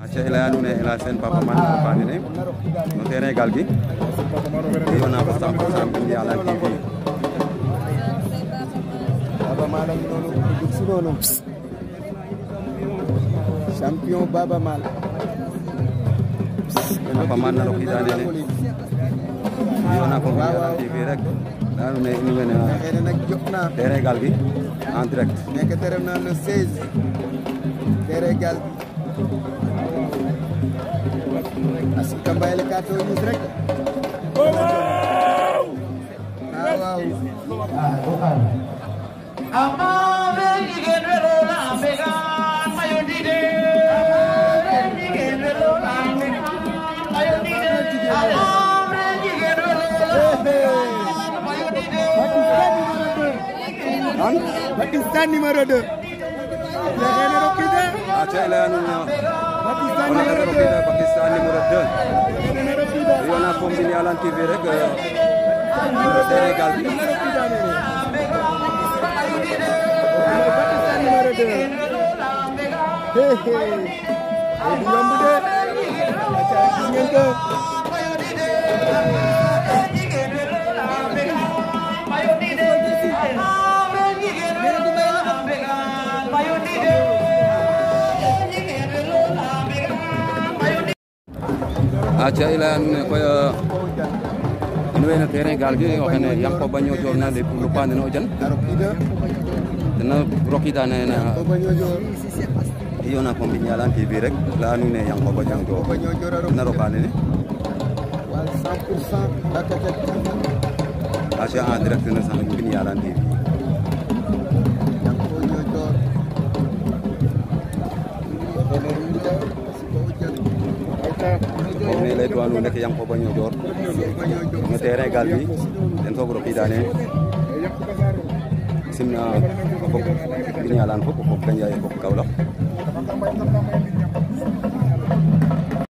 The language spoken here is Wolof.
aca i leya nuune champion Baba Made Papa Made na rokiida nene i o na fo mbiya Hann TV rek leya gi en direct neke te gi parce que Mbaye la carte gis rek Pakistan Acha konjili alanti vererek Üniversiteye geldik. Hey hey. Hey, bir yan bu de. Açar, aja ilan in anu ini no keren gal gi oxene yam ko baño jor na le pour le iyo na kombi nyalan tv rek la nu ne yam ko baño jor na rokane e duwan nu ndef Yankoba Niodior no terrain gal fi ten soog rokiida ne simna fop i ñalan fop fop da fop Kaolack